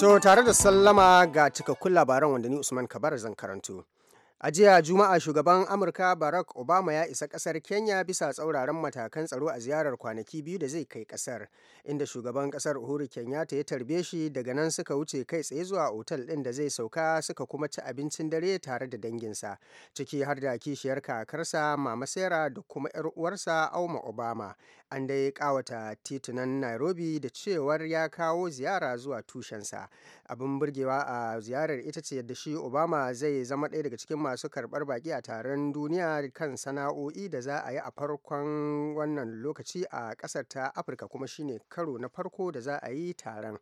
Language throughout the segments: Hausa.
To tare da sallama ga cikakkun labaran wanda ni Usman Kabar zan karanto. A jiya Juma'a shugaban Amurka Barack Obama ya isa ƙasar Kenya bisa tsauraran matakan tsaro a ziyarar kwanaki biyu da zai kai ƙasar inda shugaban kasar Uhuru Kenyatta ya tarbe shi daga nan suka wuce kai tsaye zuwa otal ɗin da zai sauka suka kuma ci abincin dare tare da danginsa, ciki har da kishiyar kakarsa Mama Sarah da kuma 'yar uwarsa Auma Obama. An dai kawata titunan Nairobi da cewar ya kawo ziyara zuwa tushensa. Abin burgewa a ziyarar ita ce yadda shi Obama zai zama ɗaya daga cikin masu karɓar baƙi a taron duniya kan sana'o'i da za a yi a farkon wannan lokaci a ƙasar ta afirka kuma shine karo na farko da za a yi taron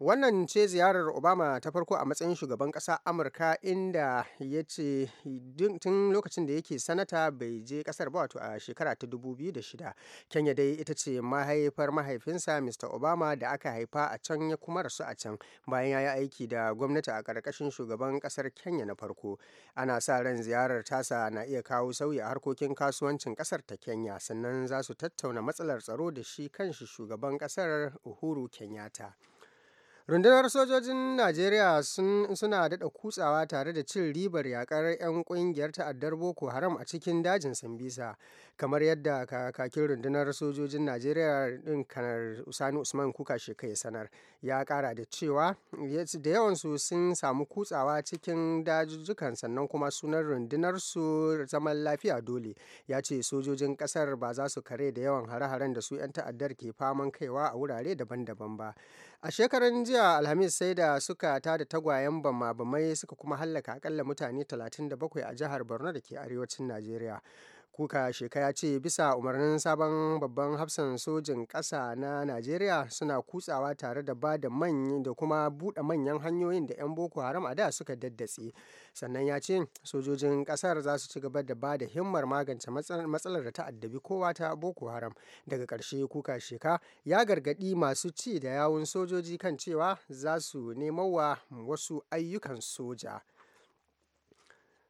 wannan ce ziyarar obama ta farko a matsayin shugaban ƙasa amurka inda ya ce tun lokacin da yake sanata bai je ƙasar ba wato a shekara ta 2006 kenya dai ita ce mahaifar mahaifinsa mr obama da aka haifa a can ya kuma rasu a can bayan ya yi aiki da gwamnati a ƙarƙashin shugaban ƙasar kenya na farko ana sa ran ziyarar tasa na iya kawo sauyi a harkokin kasuwancin ƙasar ta kenya sannan za su tattauna matsalar tsaro da shi kanshi shugaban ƙasar uhuru kenyatta Rundunar sojojin Najeriya suna daɗa kutsawa tare da cin ribar yakar 'yan ƙungiyar ta'addar Boko Haram a cikin dajin Sambisa, kamar yadda kakakin rundunar sojojin Najeriya ɗin kanar Usani Usman Kuka Sheka ya sanar. Ya ƙara da cewa da yawansu sun samu kutsawa cikin dajujjukan sannan kuma sunan rundunar su zaman lafiya dole. Ya ce sojojin ƙasar ba za su kare da yawan hare-haren da su 'yan ta'addar ke faman kaiwa a wurare daban-daban ba. A shekaran jiya Alhamis sai da suka tada tagwayen bama-bamai suka kuma hallaka akalla mutane 37 a jihar Borno da ke arewacin Najeriya. kuka sheka ya ce bisa umarnin sabon babban hafsan sojin ƙasa na najeriya suna kutsawa tare da ba da manyi da kuma buɗe manyan hanyoyin da 'yan boko haram a da suka daddatse sannan ya ce sojojin ƙasar za su ci gaba da ba da himmar magance matsalar da ta addabi kowa ta boko haram daga ƙarshe kuka sheka ya gargaɗi masu ci da yawun sojoji kan cewa za su nemo wasu ayyukan soja.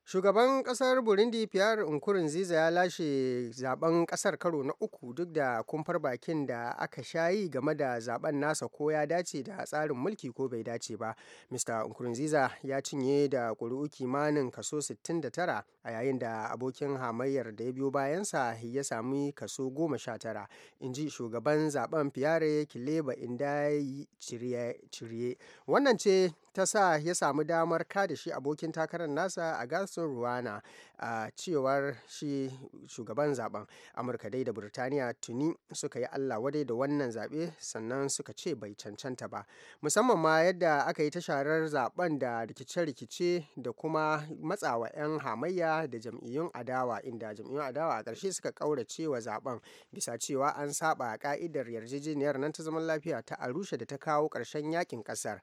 Shugaban kasar Burundi Pierre Nkurunziza ya lashe zaben kasar karo na uku duk da kumfar bakin da aka sha yi game da zaben nasa ko ya dace da tsarin mulki ko bai dace ba. Mr. Nkurunziza ya cinye da ƙuri'u kimanin kaso 69 a yayin da abokin hamayyar da ya biyo bayansa ya sami kaso 19 in ji shugaban zaben Pierre Kileba yi Ciriye. Wannan ce ta sa ya samu damar kada shi abokin takarar nasa a gasar ruwana a cewar shi shugaban zaben amurka dai da burtaniya tuni suka yi allah wadai da wannan zaɓe sannan suka ce bai cancanta ba musamman ma yadda aka yi tasharar zaben da rikice-rikice da kuma matsawa 'yan hamayya da jam'iyyun adawa inda jam'iyyun adawa a ƙarshe suka ƙaurace wa zaben bisa cewa an saba ka'idar yarjejeniyar nan ta zaman lafiya ta arusha da ta kawo ƙarshen yakin ƙasar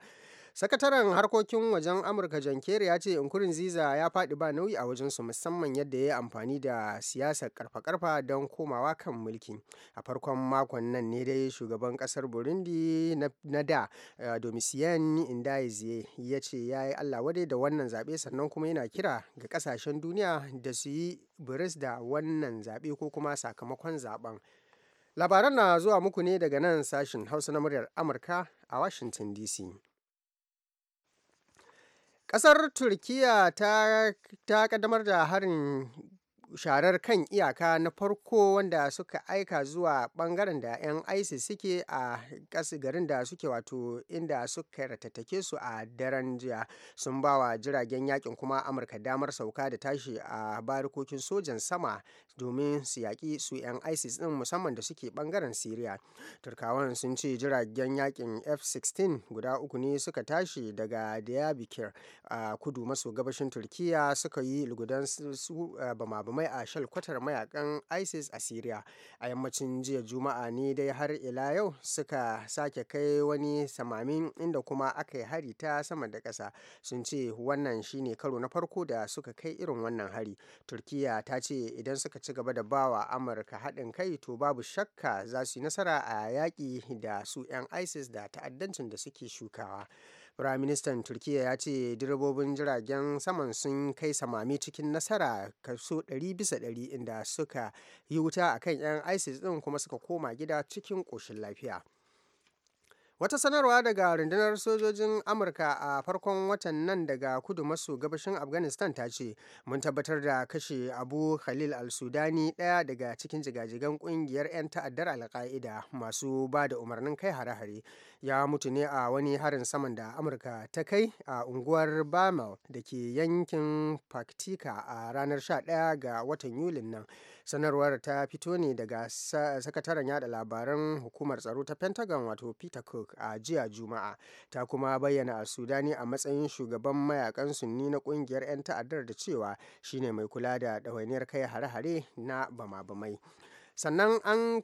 Sakataren harkokin wajen Amurka John Kerry ya ce ziza ya faɗi ba nauyi a wajensu musamman yadda ya yi amfani da siyasar karfa-karfa don komawa kan mulki. A farkon makon nan ne dai shugaban Kasar Burundi na da eh, domisiyan Indayezie ya ce ya yi Allah wadai da wannan zaɓe sannan kuma yana kira ga ƙasashen duniya da su yi biris da wannan zaɓe ko kuma sakamakon zaɓen. Labaran na zuwa muku ne daga nan sashen Hausa na muryar Amurka a Washington DC. Ƙasar turkiya ta ƙaddamar da harin sharar kan iyaka na farko wanda suka aika zuwa bangaren da 'yan isis suke a ƙasa garin da suke wato inda suka ratattake su a daren jiya sun ba wa jiragen yakin kuma amurka damar sauka da tashi a barikokin sojan sama domin su yaƙi su 'yan isis ɗin musamman da suke bangaren syria turkawan sun ce jiragen yakin f-16 guda uku ne suka tashi daga diyabikir a kudu maso gabashin turkiya suka yi lugudan bama-bamai mai a shalkwatar mayakan isis a syria a yammacin jiya juma'a ne dai har ila yau suka sake kai wani samamin inda kuma aka yi hari ta sama da ƙasa sun ce wannan shine karo na farko da suka kai irin wannan hari turkiya ta ce idan suka ci gaba da bawa amurka haɗin kai to babu shakka za su yi nasara a yaƙi da su 'yan isis da ta'addancin da suke shukawa Firaministan Turkiyya ya ce direbobin jiragen saman sun kai samami cikin nasara kaso 100 100 inda suka yi wuta akan 'yan ISIS ɗin kuma suka koma gida cikin ƙoshin lafiya. Wata sanarwa daga rundunar sojojin Amurka a farkon watan nan daga kudu maso gabashin Afghanistan ta ce, Mun tabbatar da kashe Abu Khalil al-Sudani ɗaya daga cikin jigajigan ƙungiyar 'yan ta'addar al masu ba da umarnin kai hare-hare. Ya mutu ne a wani harin saman da Amurka ta kai a unguwar Bamal da ke yankin Paktika a ranar 11 ga watan Yulin nan. sanarwar ta fito ne daga sakataren yada labaran hukumar tsaro ta pentagon wato peter cook a jiya juma'a ta kuma bayyana a sudani a matsayin shugaban mayakan sunni na kungiyar 'yan ta'addar da cewa shine mai kula da ɗawainiyar kai hare-hare na bama-bamai sannan an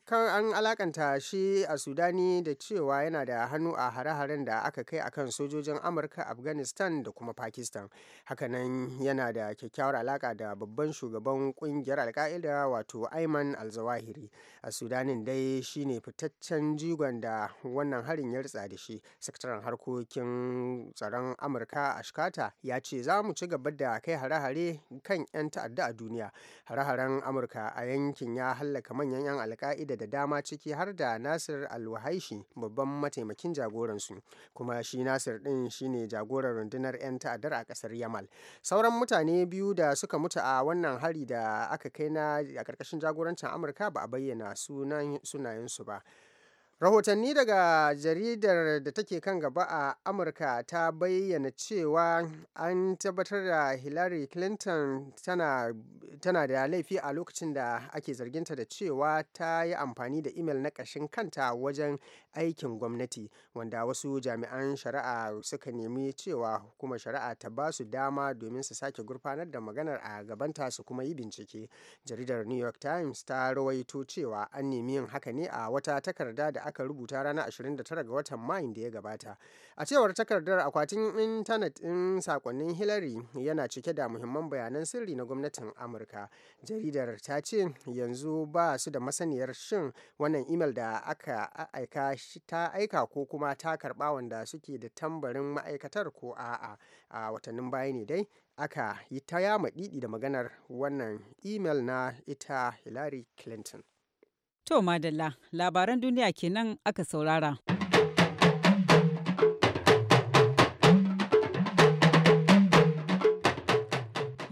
alakanta shi a sudani da cewa yana da hannu a hare-haren da aka kai akan sojojin amurka afghanistan da kuma pakistan hakanan yana da kyakkyawar alaka da babban shugaban kungiyar alka'ida wato ayman alzawahiri a sudanin dai shine fitaccen jigon da wannan harin ya ritsa da shi sakataren harkokin tsaron amurka a shikata ya ce za mu ci gaba da kai hare-hare kan 'yan ta'adda a duniya hare-haren amurka a yankin ya hallaka manyan 'yan alka'ida da dama ciki har da nasir alwahaishi babban mataimakin jagoransu kuma shi nasir din shine jagorar rundunar 'yan ta'addar a kasar yamal sauran mutane biyu da suka mutu a wannan hari da aka kai na a karkashin jagorancin amurka ba a bayyana sunayensu ba rahotanni daga jaridar da take kan gaba a amurka ta bayyana cewa an tabbatar da hillary clinton tana, da laifi a lokacin da ake zarginta da cewa ta yi amfani da imel na kashin kanta wajen aikin gwamnati wanda wasu jami'an shari'a suka nemi cewa kuma shari'a ta ba su dama domin su sake gurfanar da maganar a gabanta su kuma yi bincike jaridar new york times ta rawaito cewa an nemi yin haka ne a wata takarda da aka rubuta ranar 29 ga watan mayun da ya gabata a cewar takardar akwatin intanet ɗin sakonnin hillary yana cike da muhimman bayanan sirri na gwamnatin amurka jaridar ta ce yanzu ba su da masaniyar shin wannan imel da aka aika ta aika ko kuma ta karba wanda suke da tambarin ma'aikatar ko a'a a watannin baya ne dai aka yi ta yama didi da maganar wannan imel na ita hillary clinton To Madalla, labaran duniya kenan aka saurara.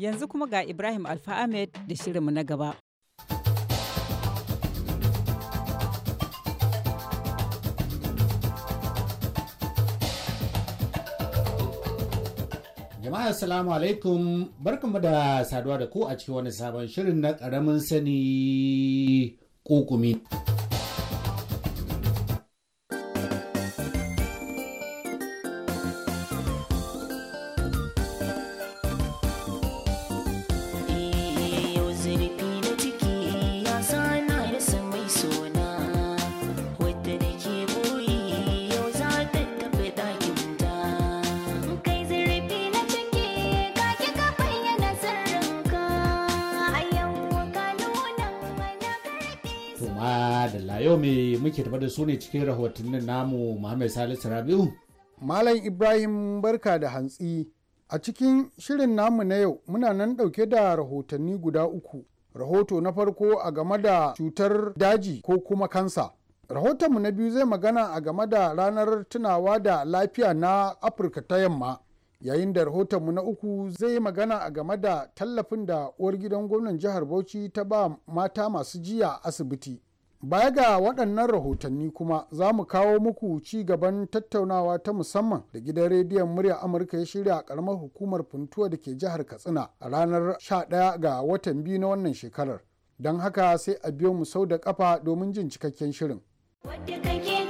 Yanzu kuma ga Ibrahim Alfa Ahmed da shirinmu na gaba. jama'a assalamu alaikum barkanmu da saduwa da ku a cikin wani sabon shirin na karamin sani 多く見 Madalla yau mai muke tafa da su ne cikin rahotannin namu Muhammad Salisu Rabiu. Malam Ibrahim barka da hantsi. A cikin shirin namu na yau muna nan ɗauke da rahotanni guda uku. Rahoto na farko a game da cutar daji ko kuma kansa. Rahotonmu na biyu zai magana a game da ranar tunawa da lafiya na Afirka ta yamma. Yayin da rahotonmu na uku zai magana a game da tallafin da uwar gidan gwamnan jihar Bauchi ta ba mata masu jiya asibiti. Baya ga waɗannan rahotanni kuma za mu kawo muku ci gaban tattaunawa ta musamman da gidan rediyon murya Amurka ya shirya a ƙaramar hukumar Funtuwa da ke jihar Katsina a ranar 11 ga watan biyu na wannan shekarar. Don haka sai a biyo mu sau da ƙafa domin jin cikakken shirin. Thank you.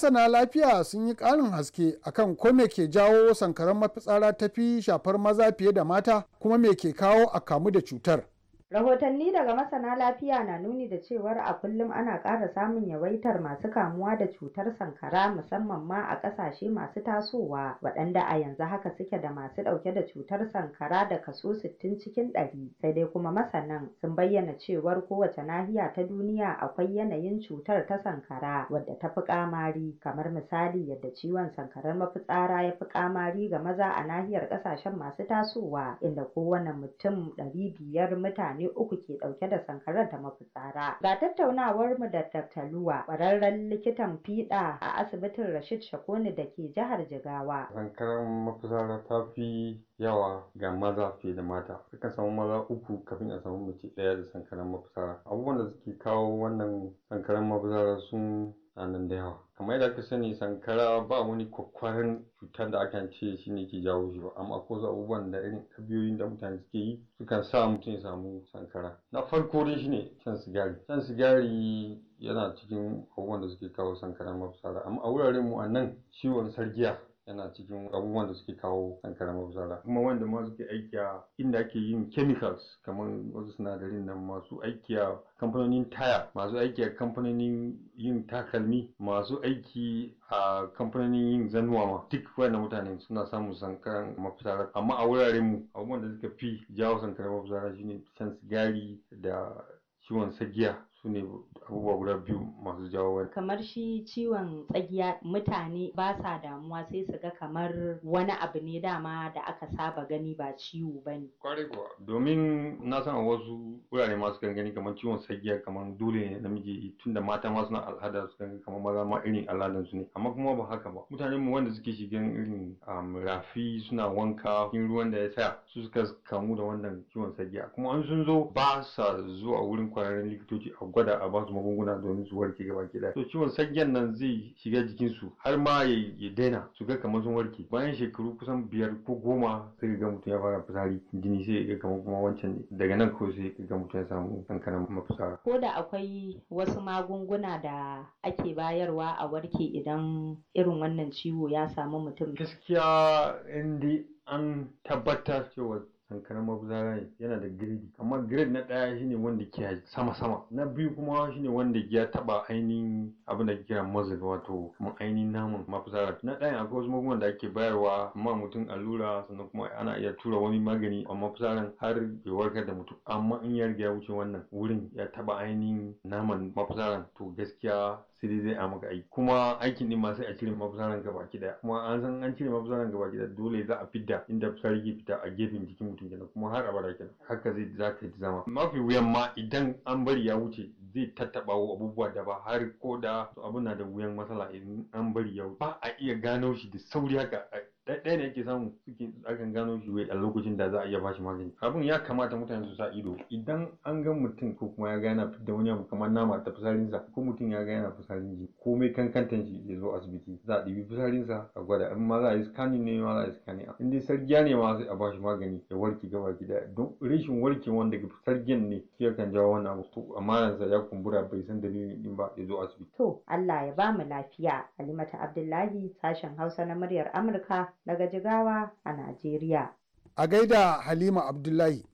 masana lafiya sun yi ƙarin haske akan ko me ke jawo sankaran mafitsara ta fi shafar maza fiye da mata kuma me ke kawo a kamu da cutar Rahotanni daga masana lafiya na nuni da cewar a kullum ana ƙara samun yawaitar masu kamuwa da cutar sankara musamman ma a ƙasashe masu tasowa waɗanda a yanzu haka suke da masu ɗauke da cutar sankara da kaso sittin cikin ɗari, sai dai kuma masanan sun bayyana cewar kowace nahiya ta duniya akwai yanayin cutar ta sankara wadda ta fi ƙamari, kamar misali yadda ciwon sankarar mafitsara ya fi ƙamari ga maza a nahiyar ƙasashen masu tasowa inda kowane mutum ɗari biyar mutane mutane uku ke ɗauke da sankarar ta mafitsara. Ga tattaunawar mu da Dr. Luwa, ƙwararren likitan fiɗa a asibitin Rashid Shakoni da ke jihar Jigawa. sankaran mafitsara ta fi yawa ga maza fiye da mata. Sukan samu maza uku kafin a samu mace ɗaya da sankaran mafitsara. Abubuwan da suke kawo wannan sankaran mafitsara sun nan da yawa. kamar yadda aka sani sankara ba wani kwakwaran cutar da aka ce shi ne ke jawo shi ba amma ko abubuwan da irin ɗabiyoyin da mutane suke yi sukan sa mutum ya samu sankara na farko dai shine shan sigari shan sigari yana cikin abubuwan da suke kawo sankara mafisara amma a wuraren mu a nan ciwon sargiya yana cikin abubuwan da suke kawo kankarar mafitsara kuma wanda ma suke aiki a inda ake yin chemicals kamar wasu sinadarin nan masu aiki a kamfanonin taya masu aiki a kamfanonin yin takalmi masu aiki a kamfanonin yin zanuwa ma duk na mutane suna samun sankaran mafitsara amma a wuraren mu abubuwan da suka fi jawo sankaran mafitsara shine shan sigari da ciwon sagiya sune ne abubuwa guda biyu masu jawo wannan kamar shi ciwon tsagiya mutane ba sa damuwa sai su ga kamar wani abu ne dama da aka saba gani ba ciwo ba ne ƙwarai kuwa domin na san a wasu wurare masu sukan gani kamar ciwon tsakiya kamar dole ne namiji tunda mata ma suna al'ada su kan kamar maza ma irin al'adan su ne amma kuma ba haka ba mutanen mu wanda suke shigan irin rafi suna wanka cikin ruwan da ya tsaya su suka kamu da wannan ciwon tsakiya kuma an sun zo ba sa zuwa wurin kwararren likitoci a gwada a ba su magunguna domin su warke gaba ki to ciwon sanyan nan zai shiga jikinsu har ma ya daina su ga kamar sun warke bayan shekaru kusan biyar ko goma sai ga mutum ya fara fitsari jini sai ga kamar kuma wancan daga nan ko sai ga mutum ya samu kankanin mafitsara ko da akwai wasu magunguna da ake bayarwa a warke idan irin wannan ciwo ya samu mutum gaskiya in an tabbatar cewa Sankaran mafitsara ne yana da giredi amma grade na ɗaya shine wanda ke sama sama na biyu kuma shine wanda ya taɓa ainihin abin da kira muzzle wato kuma ainihin naman mafuzara na ɗayan akwai wasu magunguna da ake bayarwa ma mutum allura sannan kuma ana iya tura wani magani a mafuzaran har ya warkar da mutum amma in ya riga ya wuce wannan wurin ya taɓa ainihin naman mafuzaran to gaskiya sai zai a maka aiki kuma aikin din ma sai a cire mafitsaran gaba ki daya kuma an san an cire mafitsaran gaba ki daya dole za a fidda inda fitsari fita a gefen jikin mutum kenan kuma har abada kenan haka zai za ka zama mafi wuyan ma idan an bari ya wuce zai tattaba abubuwa da ba har ko da abin na da wuyan matsala in an bari ya wuce ba a iya gano shi da sauri haka ɗaya ne yake samu suke akan gano shi a lokacin da za a iya bashi magani abin ya kamata mutane su sa ido idan an ga mutum ko kuma ya ga yana wani abu kamar nama ta fitsarinsa ko mutum ya ga yana fitsarin ji komai kankantan shi ya zo asibiti za a ɗibi a gwada in ma za a yi scanning ne ma za a yi scanning in dai sargiya ne ma sai a bashi magani ya warke gaba daya. don rashin warkewan daga sargiyan ne shi kan jawo wannan abu to amanansa ya kumbura bai san dalilin din ba ya zo asibiti. to Allah ya ba mu lafiya alimata Abdullahi sashen Hausa na muryar Amurka daga Jigawa a Najeriya. A gaida Halima Abdullahi.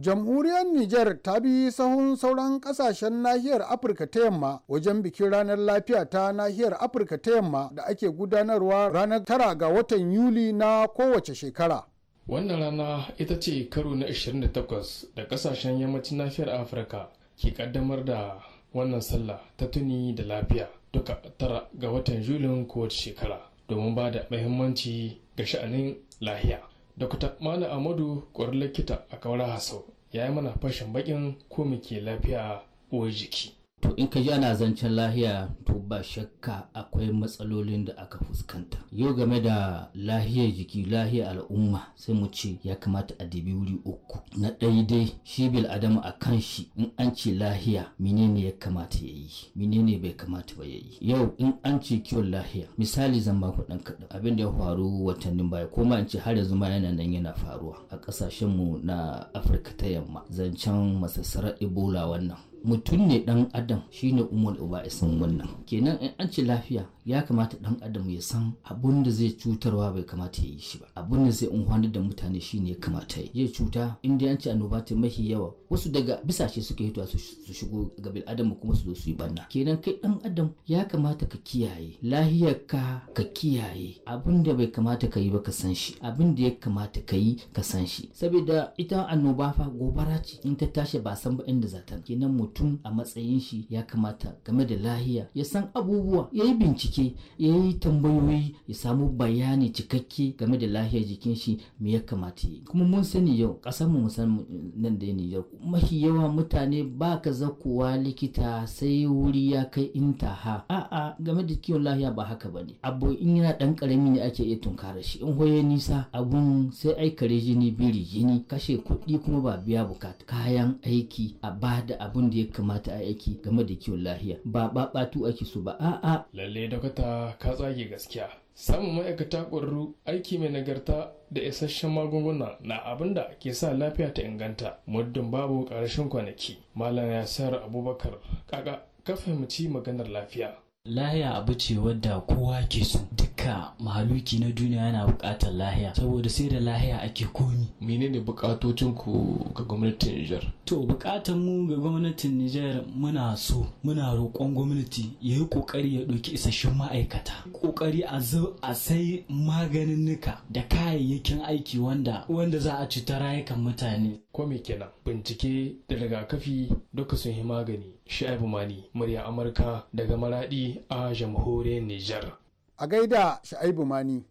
Jamhuriyar Nijar ta bi sahun sauran kasashen nahiyar Afirka ta yamma wajen bikin ranar lafiya ta nahiyar Afirka ta yamma da ake gudanarwa ranar tara ga watan Yuli na kowace shekara. Wannan rana ita ce karo na 28 da kasashen yammacin nahiyar Afirka ke kaddamar da wannan sallah ta tuni da lafiya duka tara ga watan Yulin kowace shekara. domin ba da mahimmanci ga sha'anin lahiya dokta malam amadu ƙwarar likita a kawar hassau ya yi mana fashin bakin ko muke lafiya uwar jiki to in ka ji ana zancen lahiya to ba shakka akwai matsalolin da aka fuskanta yau game da lahiyar jiki lahiyar al'umma sai mu ce ya kamata a dibi wuri uku na daidai shi bil adamu a kan shi in an ce lahiya menene ya kamata ya yi menene bai kamata ba ya yi yau in an ce kiwon lahiya misali zan ba ku dan kaɗan abin da ya faru watannin baya ko ma in ce har yanzu ma yana nan yana faruwa a ƙasashenmu na afirka ta yamma zancen masassarar ebola wannan mutum ne dan adam shine umar uba isan wannan kenan in an ce lafiya ya kamata dan adam ya san abun da zai cutarwa bai kamata ya yi shi ba abun da zai unhwani da mutane shine ya kamata ya yi cuta inda an ce annoba ta mafi yawa wasu daga bisashe suke hitowa su shigo ga bil adam kuma su zo su yi banna kenan kai dan adam ya kamata ka kiyaye lahiyar ka ka kiyaye abun da bai kamata ka yi ba ka san shi abun da ya kamata ka yi ka san shi saboda ita annoba fa gobara ce in ta tashi ba san ba inda za ta kenan mutum mutum a matsayin shi ya kamata game da lahiya ya san abubuwa ya yi bincike ya yi tambayoyi ya samu bayani cikakke game da lahiyar jikin shi me ya kamata yi kuma mun sani yau ƙasar mu san nan da yau. mafi yawa mutane ba ka zakuwa likita sai wuri ya kai inta intaha a'a game da kiwon lahiya ba haka ba ne. abu in yana dan karami ne ake iya tunkara shi in hoye nisa abun sai ai kare jini biri jini kashe kuɗi kuma ba biya bukata kayan aiki a bada abun da ya kamata a aiki game da kiwon lahiya ba babatu ake so ba a'a lalle dakata ka tsage gaskiya samun ma'aikata ƙwararru aiki mai nagarta da isasshen magunguna na abin da ke sa lafiya ta inganta muddin babu ƙarshen kwanaki malam yasar abubakar kaka ka fahimci maganar lafiya lahiya abu ce wadda kowa ke so duk duka mahaluki na duniya yana bukatar lahiya saboda sai da lahiya ake komi menene bukatocin ku ga gwamnatin Nijar to bukatun mu ga gwamnatin Nijar muna so muna roƙon gwamnati ya yi ƙoƙari ya ɗauki isasshen ma'aikata ƙoƙari a a sai maganin nuka da kayayyakin aiki wanda wanda za a ci ta rayukan mutane ko me kenan bincike da rigakafi duka sun yi magani Shu'aibu Mani murya Amurka daga Maradi a jamhuriyar Nijar a gaida sha'aibu mani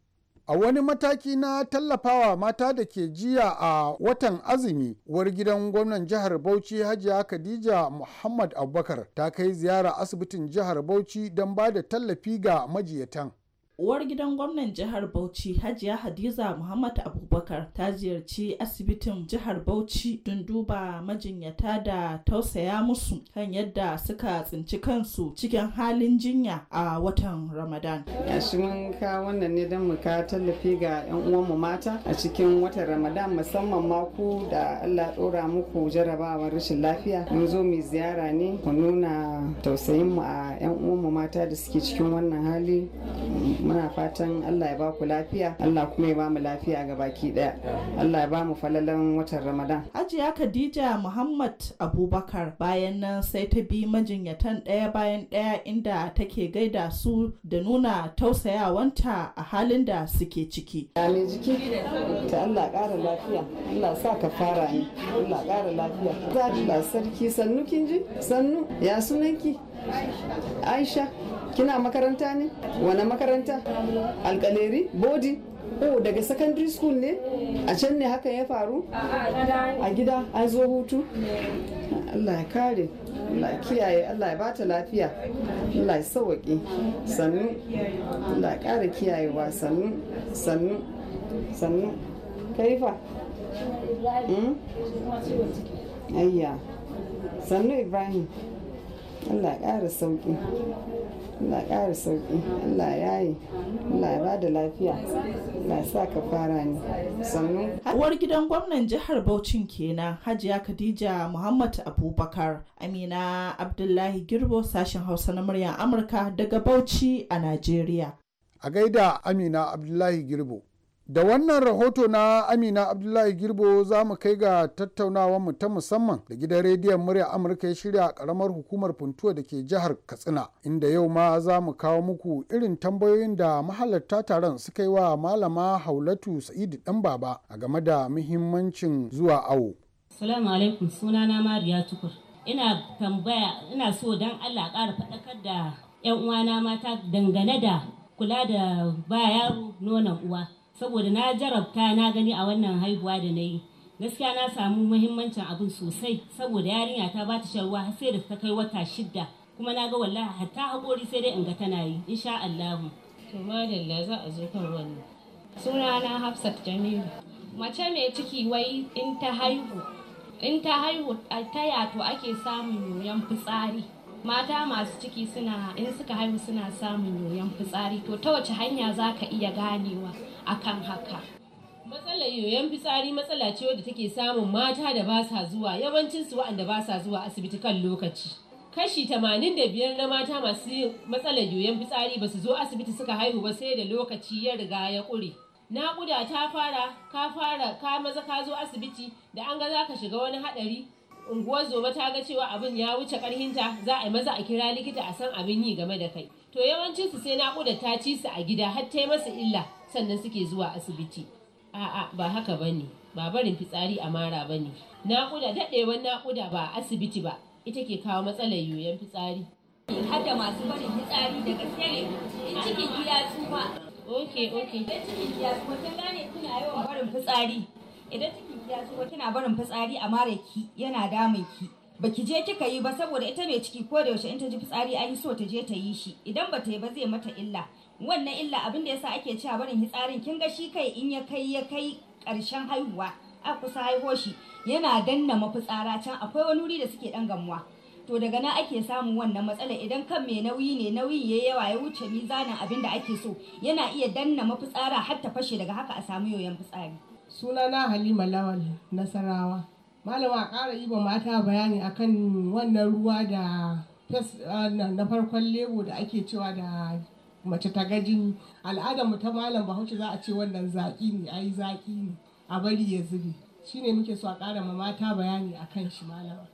a wani mataki na tallafawa mata da ke jiya a watan azumi uwar gidan gwamnan jihar bauchi hajiya khadija muhammad abubakar ta kai ziyara asibitin jihar bauchi don ba da tallafi ga majiyatan uwar gidan gwamnan jihar bauchi hajiya hadiza muhammad abubakar ta ziyarci asibitin jihar bauchi don duba majinyata da tausaya musu kan yadda suka tsinci kansu cikin halin jinya a watan ramadan ya shi ka wannan ne don muka tallafi ga yan uwanmu mata a cikin watan ramadan musamman mako da allah dora muku jarabawar rashin lafiya mun zo mu ziyara ne mu nuna tausayinmu a yan uwanmu mata da suke cikin wannan hali muna fatan Allah ya ba ku lafiya Allah kuma ya ba mu lafiya ga baki daya Allah ya ba mu falalan watan Ramadan Hajiya Khadija Muhammad Abubakar bayan nan sai ta bi majinyatan daya bayan daya inda take gaida su da nuna tausayawanta a halin da suke ciki Amin jiki ta Allah ƙara lafiya Allah sa ka fara ni Allah ƙara lafiya Allah sarki sannu kin sannu ya sunanki Aisha kina makaranta ne wani makaranta alkaleri bodi oh daga secondary school ne a can ne haka ya faru a gida an zo hutu allah ya kare Allah kiyaye Allah ya bata lafiya Allah ya sauwaƙe sannu Allah ya ƙara kiyayewa sannu sannu sannu kaifa hmm? ayya sannu Ibrahim Allah ya ƙara sauƙi Allah ƙara sauƙi Allah ya yi Allah ya ba da lafiya Allah sa ka fara ni sannu. Uwar gidan gwamnan jihar Bauchin kenan Hajiya Khadija Muhammad Abubakar Amina Abdullahi Girbo sashen Hausa na muryar Amurka daga Bauchi a Najeriya. A gaida Amina Abdullahi Girbo. Da wannan rahoto na Amina Abdullahi Girbo za mu kai ga mu ta musamman da gidan rediyon murya Amurka ya shirya a ƙaramar hukumar Funtuwa da ke jihar Katsina, inda yau ma za mu kawo muku irin tambayoyin da mahalarta taron suka yi wa Malama Haulatu Sa'idu danbaba baba a game da muhimmancin zuwa awo. Ina so don Allah ƙara faɗakar da 'yan uwana mata dangane da kula da ba yaro nonon uwa. saboda na jarabta na gani a wannan haihuwa da na yi gaskiya na samu muhimmancin abin sosai saboda yarinya ta ba ta shan ruwa sai da ta kai wata shida kuma na ga wallahi hatta haƙori sai dai in ga tana yi insha Allah to madalla za a zo kan wannan sunana Hafsat Jamilu mace mai ciki wai in ta haihu in ta haihu ta to ake samun yoyon fitsari mata masu ciki suna in suka haihu suna samun yoyon fitsari to ta wace hanya za ka iya ganewa akan haka matsalar yoyon fitsari matsala ce wadda take samun mata da ba sa zuwa yawancin su waɗanda ba sa zuwa asibiti kan lokaci kashi biyar na mata masu matsalar yoyon fitsari ba su zo asibiti suka haihu ba sai da lokaci ya riga ya ƙure naƙuda ta fara ka fara ka maza ka zo asibiti da an ga za ka shiga wani haɗari unguwar zoma ta ga cewa abin ya wuce ƙarhinta, za a yi maza a kira likita a san abin yi game da kai to yawancinsu sai naƙuda ta ci su a gida har ta yi masa illa sannan suke zuwa asibiti a'a ba haka bane ba barin fitsari a mara bane naƙuda daɗewar naƙuda ba asibiti ba ita ke kawo matsalar yoyon fitsari har da masu barin fitsari daga tsere cikin gida tsufa ok ok idan cikin gida tsufa kin gane kuna yawan barin fitsari idan cikin gida tsufa kina barin fitsari a mara ki yana damun ki baki je kika yi ba saboda ita mai ciki ko da yaushe in ta ji fitsari an yi so ta je ta yi shi idan ba ta yi ba zai mata illa wannan illa abin da yasa ake cewa barin hitsarin kin ga shi kai in ya kai ya kai karshen haihuwa a kusa haihuwa shi yana danna mafitsara can akwai wani wuri da suke dan gamuwa to daga nan ake samun wannan matsala idan kan mai nauyi ne nauyi ya yawa ya wuce mizanin abin da ake so yana iya danna mafitsara har ta fashe daga haka a samu yoyon fitsari sunana halima lawal nasarawa malama ƙara yi mata bayani akan wannan ruwa da na farkon lebo da ake cewa da mace ta gaji jini al'adar mu ta malam bahaushe za a ce wannan 'Zaƙi ne ai zaƙi ne a bari ya zube shine muke so a ƙara ma mata bayani akan shi malama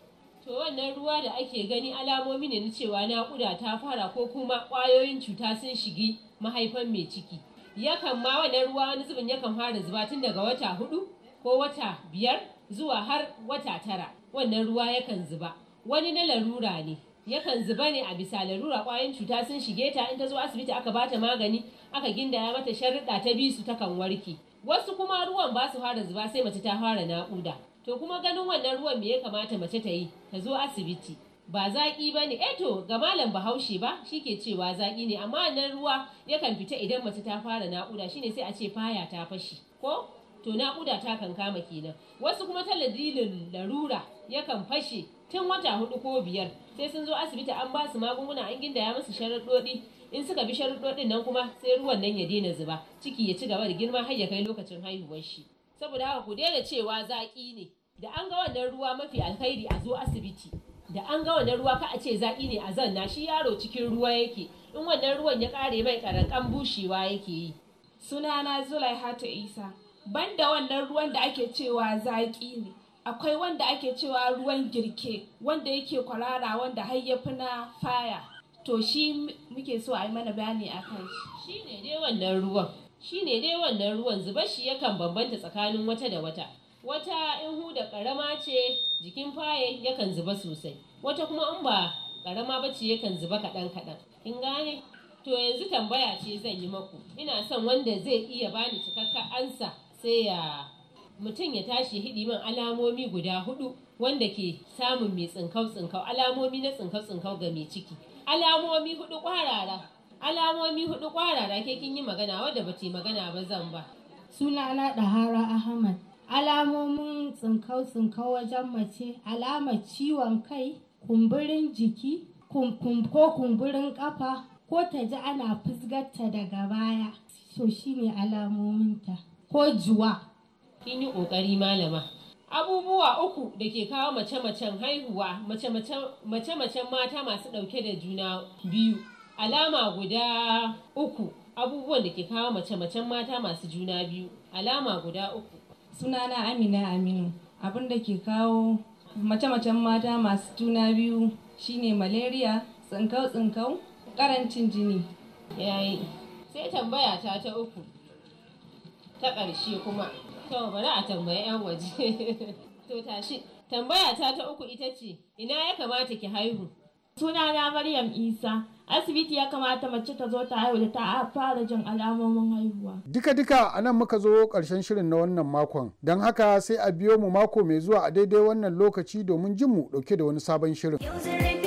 to wannan ruwa da ake gani alamomi ne na cewa naƙuda ta fara ko kuma ƙwayoyin cuta sun shigi mahaifan mai ciki yakan ma wannan ruwa wani zubin yakan fara zuba tun daga wata hudu ko wata biyar zuwa har wata tara wannan ruwa yakan zuba wani na larura ne yakan zuba ne a bisa larura kwayan cuta sun shige ta in ta zo asibiti aka bata magani aka gindaya mata sharuɗa ta bi su takan warke wasu kuma ruwan ba su fara zuba sai mace ta fara naƙuda to kuma ganin wannan ruwan me ya kamata mace ta yi ta zo asibiti ba zaƙi ba ne eh to ga malam bahaushe ba shi ke cewa zaƙi ne amma nan ruwa yakan fita idan mace ta fara naƙuda shine sai a ce faya ta fashi ko to naƙuda ta kan kama kenan wasu kuma ta dalilin larura yakan fashe tun wata hudu ko biyar sai sun zo asibiti an ba su magunguna an gindaya musu sharaɗoɗi in suka bi sharuɗoɗin nan kuma sai ruwan nan ya daina zuba ciki ya ci gaba da girma har ya kai lokacin haihuwar shi saboda haka ku daina cewa zaƙi ne da an ga wannan ruwa mafi alkhairi a zo asibiti da an ga wannan ruwa ka a ce zaƙi ne a zan na, shi yaro cikin ruwa yake in wannan ruwan ya kare mai ƙaranƙan bushewa yake yi sunana zulaiha ta isa banda wannan ruwan da ake cewa zaƙi ne akwai wanda ake cewa ruwan girke wanda yake kwarara wanda har ya fi na faya to shi muke so a yi mana bayani a kan shi shi ne dai wannan ruwan shi ne dai wannan ruwan zuba shi yakan bambanta tsakanin wata da wata wata in huda karama ce jikin faye yakan zuba sosai wata kuma in ba karama ba ce yakan zuba kaɗan kaɗan kin gane to yanzu tambaya ce zan yi maku ina son wanda zai iya bani cikakken ansa sai ya mutum ya tashi hidi man alamomi guda hudu wanda ke samun mai tsinkau tsinkau alamomi na tsinkau tsinkau ga mai ciki alamomi hudu kwarara alamomi hudu kwarara ke kin yi magana wadda ba yi magana ba zan ba sunana dahara ahmad alamomin tsinkau tsinkau wajen mace alamar ciwon kai kumburin jiki ko kumburin kafa ko ta ji ana fusgarta daga baya so shine alamominta ko juwa kin yi ƙoƙari malama abubuwa uku da ke kawo mace-macen haihuwa mace-macen mata masu ɗauke da juna biyu alama guda uku abubuwan da ke kawo mace-macen mata masu juna biyu alama guda uku sunana amina aminu abin da ke kawo mace-macen mata masu juna biyu shine malaria tsinkau-tsinkau karancin jini yayi sai tambaya ta ta uku ta ƙarshe kuma To bari a tambayi 'yan waje. To tashi. Tambaya ta ta uku ita ce, ina ya kamata ki haihu? Suna na Maryam Isa. Asibiti ya kamata mace ta zo ta haihu da ta fara jin alamomin haihuwa. Duka duka a nan muka zo karshen shirin na wannan makon. Don haka sai a biyo mu mako mai zuwa a daidai wannan lokaci domin jin mu ɗauke da wani sabon shirin.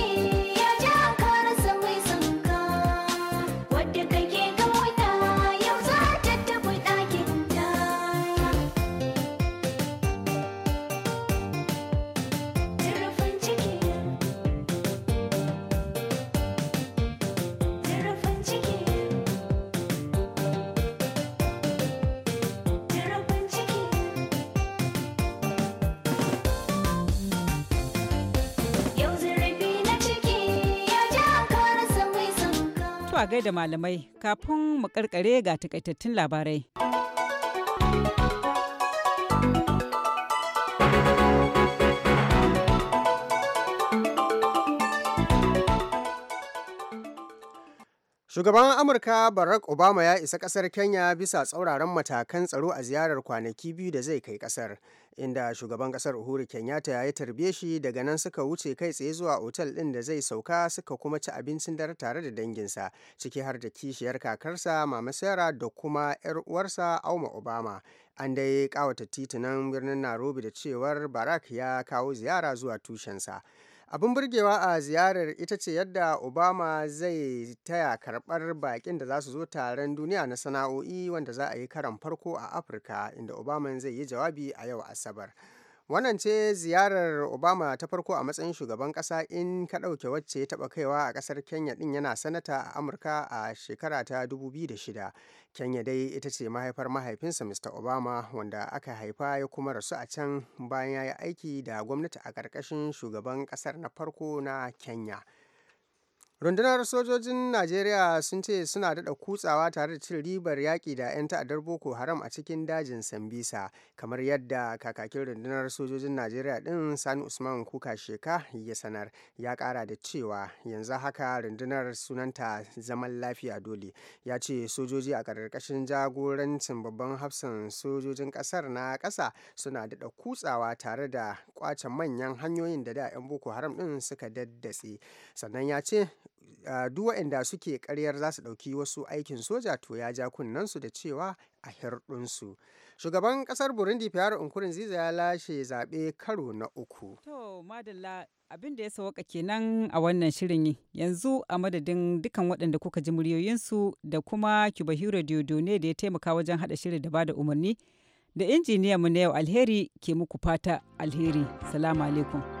zuwa gaida malamai kafin mu karkare ga takaitattun labarai. Shugaban Amurka Barack Obama ya isa ƙasar Kenya bisa tsauraran matakan tsaro a ziyarar kwanaki biyu da zai kai ƙasar, inda shugaban ƙasar Uhuru Kenyatta ya yi tarbiye shi daga nan suka wuce kai tsaye zuwa otal ɗin da zai sauka suka kuma ci abincin dare tare da danginsa, ciki har da kishiyar kakarsa Mama Sarah da kuma 'yar uwarsa Auma Obama. an dai kawata titunan birnin Nairobi da cewar Barack ya kawo ziyara zuwa tushensa. Abin burgewa a ziyarar ita ce yadda Obama zai taya karɓar baƙin da za su zo taron duniya na sana'o'i wanda za a yi karon farko a Afirka, inda obama zai yi jawabi a yau Asabar. Wannan ce ziyarar Obama ta farko a matsayin shugaban kasa in ka ɗauke wacce ya taɓa kaiwa a ƙasar Kenya ɗin yana Sanata a Amurka a shekara ta 2006. Kenya dai ita ce mahaifar mahaifinsa Mr. Obama wanda aka haifa ya kuma rasu a can bayan ya yi aiki da gwamnati a ƙarƙashin shugaban ƙasar na farko na Kenya. Rundunar sojojin Najeriya sun ce suna daɗa kutsawa tare da cin ribar yaƙi da 'yan ta'adar Boko Haram a cikin dajin Sambisa, kamar yadda kakakin rundunar sojojin Najeriya din Sani Usman Kuka Sheka ya sanar. Ya ƙara da cewa yanzu haka rundunar sunanta zaman lafiya dole. Ya ce sojoji a ƙarƙashin jagorancin babban hafsan sojojin ƙasar na ƙasa suna daɗa kutsawa tare da ƙwace manyan hanyoyin da da 'yan Boko Haram ɗin suka daddatse. Sannan ya ce duk waɗanda suke karyar za su ɗauki wasu aikin soja to ya ja kunnensu da cewa a hirɗinsu. Shugaban ƙasar Burundi unkurin ziza ya lashe zaɓe karo na uku. To, madalla abin da ya sawaka kenan a wannan shirin yanzu a madadin dukkan waɗanda kuka ji muryoyinsu da kuma Kibahiro ne da ya taimaka wajen haɗa shirin da ba da umarni da mu na yau alheri ke muku fata alheri. Salamu alaikum.